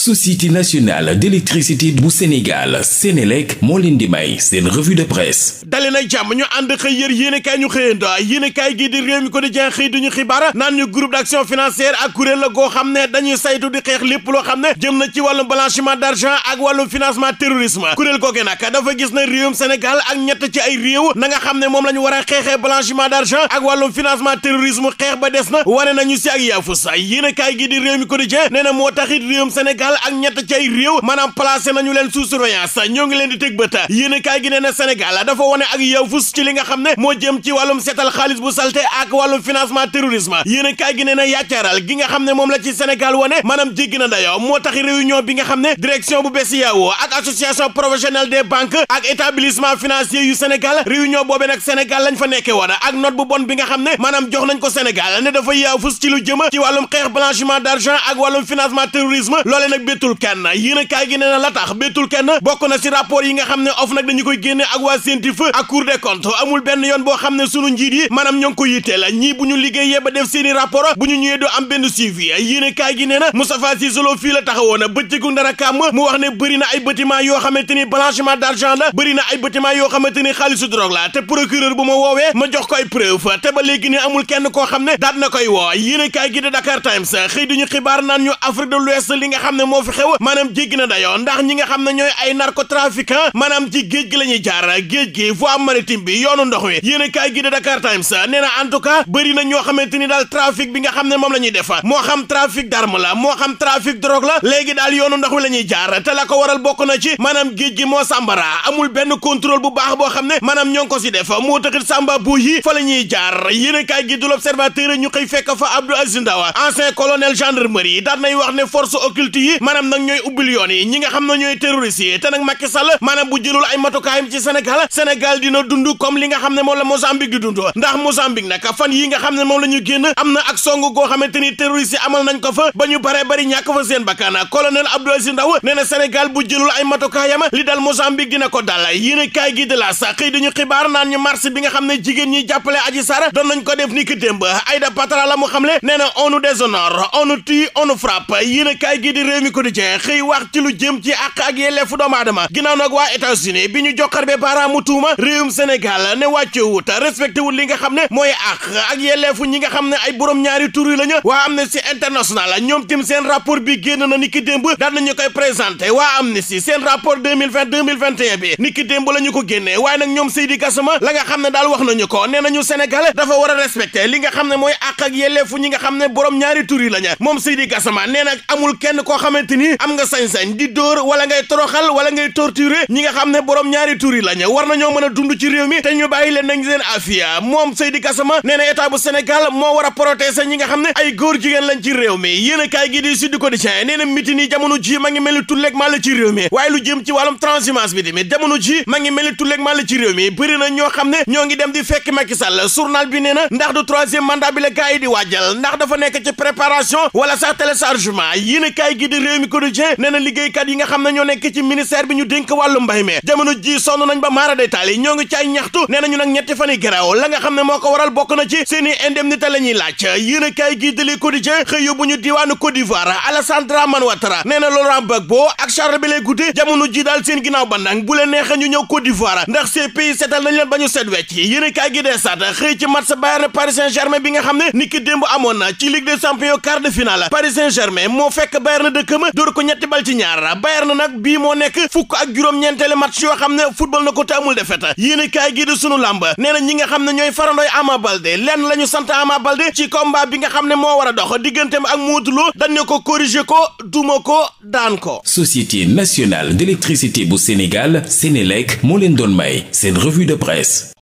société nationale d'électricité bu Sénégal Sénélec moo leen di may seen revue de presse dali jàmm ñu ànd xëy yër yéenekaay ñu xëyando yéenekaay gi di réew mi ko di jen xëy duñu xibaar naan ñu groupe d'action financière ak kuréel la goo xam ne dañuy saytu di xeex lépp loo xam ne jëm na ci wàllum blanchiment d'argent ak wàllum financement terrorisme kuréel googe nag dafa gis na réewum ak ñett ci ay réew na ne moom la ñu war a xeexee blanchiment d'argent ak wàllum financement xeex ba des na wane nañu si ak yaafus di réew mi ko di jen nee moo taxit réewum Sénégal Sénégal ak ñett ci ay réew maanaam placé nañu leen sous surveillance ñoo ngi leen di tëg bët yéenekaay gi nee na Sénégal dafa wone ak yow fus ci li nga xam ne moo jëm ci wàllum seetal xaalis bu salte ak wàllum financement terrorisme yéenekaay gi nee na yàccaaral gi nga xam ne moom la ci Sénégal wone maanaam jéggi na dayo moo tax réunion bi nga xam ne direction bu bees yaawoo ak association professionnelle des banques ak établissement financier yu Sénégal réunion boobee fa nekkee woon ak note bu bon bi nga xam ne maanaam jox nañ ko Sénégal ne dafa yaaw fus ci lu jëm ci wàllum xeex blanchiment d'argent ak wàllum nag bettul kenn yéen a gi nee la tax bettul kenn bokk na si rapport yi nga xam ne of dañu koy génne ak waa CENTIF ak Cour des comptes amul benn yoon boo xam ne sunu njiit yi maanaam ñoo ngi ko yitteel ñii bu ñu liggéeyee ba def seen i rapport bu ñu ñëwee am benn suivi yéen a kaay gi nee na Moustapha Cissé fii la taxawoon bëccëgu na ay bâtiment yoo xamante ni blanchiment d'argent la bëri na ay bâtiment yoo xamante ni xaalisu drogue ma woowee ma jox ko ay preuve te ba xam ne daat na moo fi xew maanaam jéggi na dayoo ndax ñi nga xam ne ñooy ay narcotrafiquant maanaam ci géej gi la ñuy jaar géej gi voie maritime bi yoonu ndox wi yéen a kaay gi de Dakar Times nee na en tout cas bëri na ñoo bi nga ne moom la ñuy def moo xam trafic d'arme la moo xam trafic drogue la léegi daal yoonu ndox wi la ñuy jaar te la ko waral bokk na ci maanaam géej gi moo sàmbara amul benn contrôle bu baax boo xam ne maanaam ñoo ngi ko si def moo taxit sàmba fekk fa Abdou Aziz Ndaw wax ne force occulte yi maanaam nag ñooy ubbil yoon yi ñi nga xam ne ñooy terroriste yi te nag Macky Sall maanaam bu jëlul ay matukaayam ci Sénégal Sénégal dina dund comme li nga xam ne moom la Mozambique di dund ndax Mozambique nag fan yi nga xam ne moom la ñu génn am na ak song goo xamante ni terroriste yi amal nañ ko fa ba ñu bare bari ñàkk fa seen bakkan colonel Abdou Aziz Ndaw nee na Sénégal bu jëlul ay matukaayam li dal Mozambique dina ko dal yéen kaay gi de la sax xëy dañu xibaar nga xam ne jigéen ñi jàppale Adji Sarr ko def ni ki démb Aïda Patra la mu xamle na on nous kaay gi di mi quotidien xëy wax ci lu jëm ci àq ak yelleefu doomu aadama ginnaaw nag waa états bi ñu joxarbe baaraamu tuuma réewum Sénégal ne wàccewut respecté wul li nga xam ne mooy àq ak yelleefu ñi nga xam ne ay borom ñaari tur yi la ñu waa Amnesty International ñoom tim seen rapport bi génn na niki démb daan nañu koy présenté waa Amnesty seen rapport 2020 2021 bi niki démb la ko génnee waaye nag ñoom Seydi Gassama la nga xam ne daal wax nañu ko nee nañu Sénégal dafa war a li nga xam ne mooy àq ak yelleefu ñi nga xam ne borom ñaari tur yi la moom Seydi Gassama nee nag amul kenn koo xam xamante ni am nga sañ-sañ di dóor wala ngay toroxal wala ngay torturer ñi nga xam ne borom ñaari tur yi lañ war nañoo mën a dund ci réew mi te ñu bàyyi leen nañ seen afiya moom Seydi Gassama nee na état bu moo war a ñi nga xam ne ay góor jigéen lañ ci réew mi yéen a kaay gi di Sud Quotidien nee na mitin yi ji ma ngi mel ni tulleeg maa la ci réew mi waaye lu jëm ci wàllum transhumance bi tamit jamono ji ma ngi mel ni tulleeg maa la ci réew ne ñoo ngi dem di fekk Macky Sall bi nee na ndax du troisième mandat bi la gars yi di a réew liggéeykat yi nga xam ne ñoo nekk ci ministère bi ñu dénk wàllu mbay mi jamono ji sonn nañ ba maara détaali ñoo ngi ci ñaxtu nee ñu nag ñetti fan yi garaaw la nga xam ne moo ko waral bokk na ci seeni indemnité la ñuy laaj yéen a kaay gii xëy yóbbu ñu diwaanu Côte d'Ivoire Alassane Dramane Ouattara nee na Laurent Gbagbo ak Charles Blé Goudé jamono ji daal seen ginnaaw bandang bu leen neex ñu ñëw Côte ndax ces pays seetal nañ dëkkam dóor ko ñetti bal ci ñaar na nag bii moo nekk fukk ak juróom-ñeenteelu mat yoo xam ne football na ko te amul defet yéen i kaay gii di sunu làmb nee na ñi nga xam ne ñooy farandooy Ama Baldé lenn la ñu sant Ama Baldé ci combat bi nga xam ne moo war a dox digganteem ak Modou Lo dañ ne ko corriger ko duma ko daan ko Société nationale d'électricité bu Sénégal Sénélec moo leen doon may seen revue de presse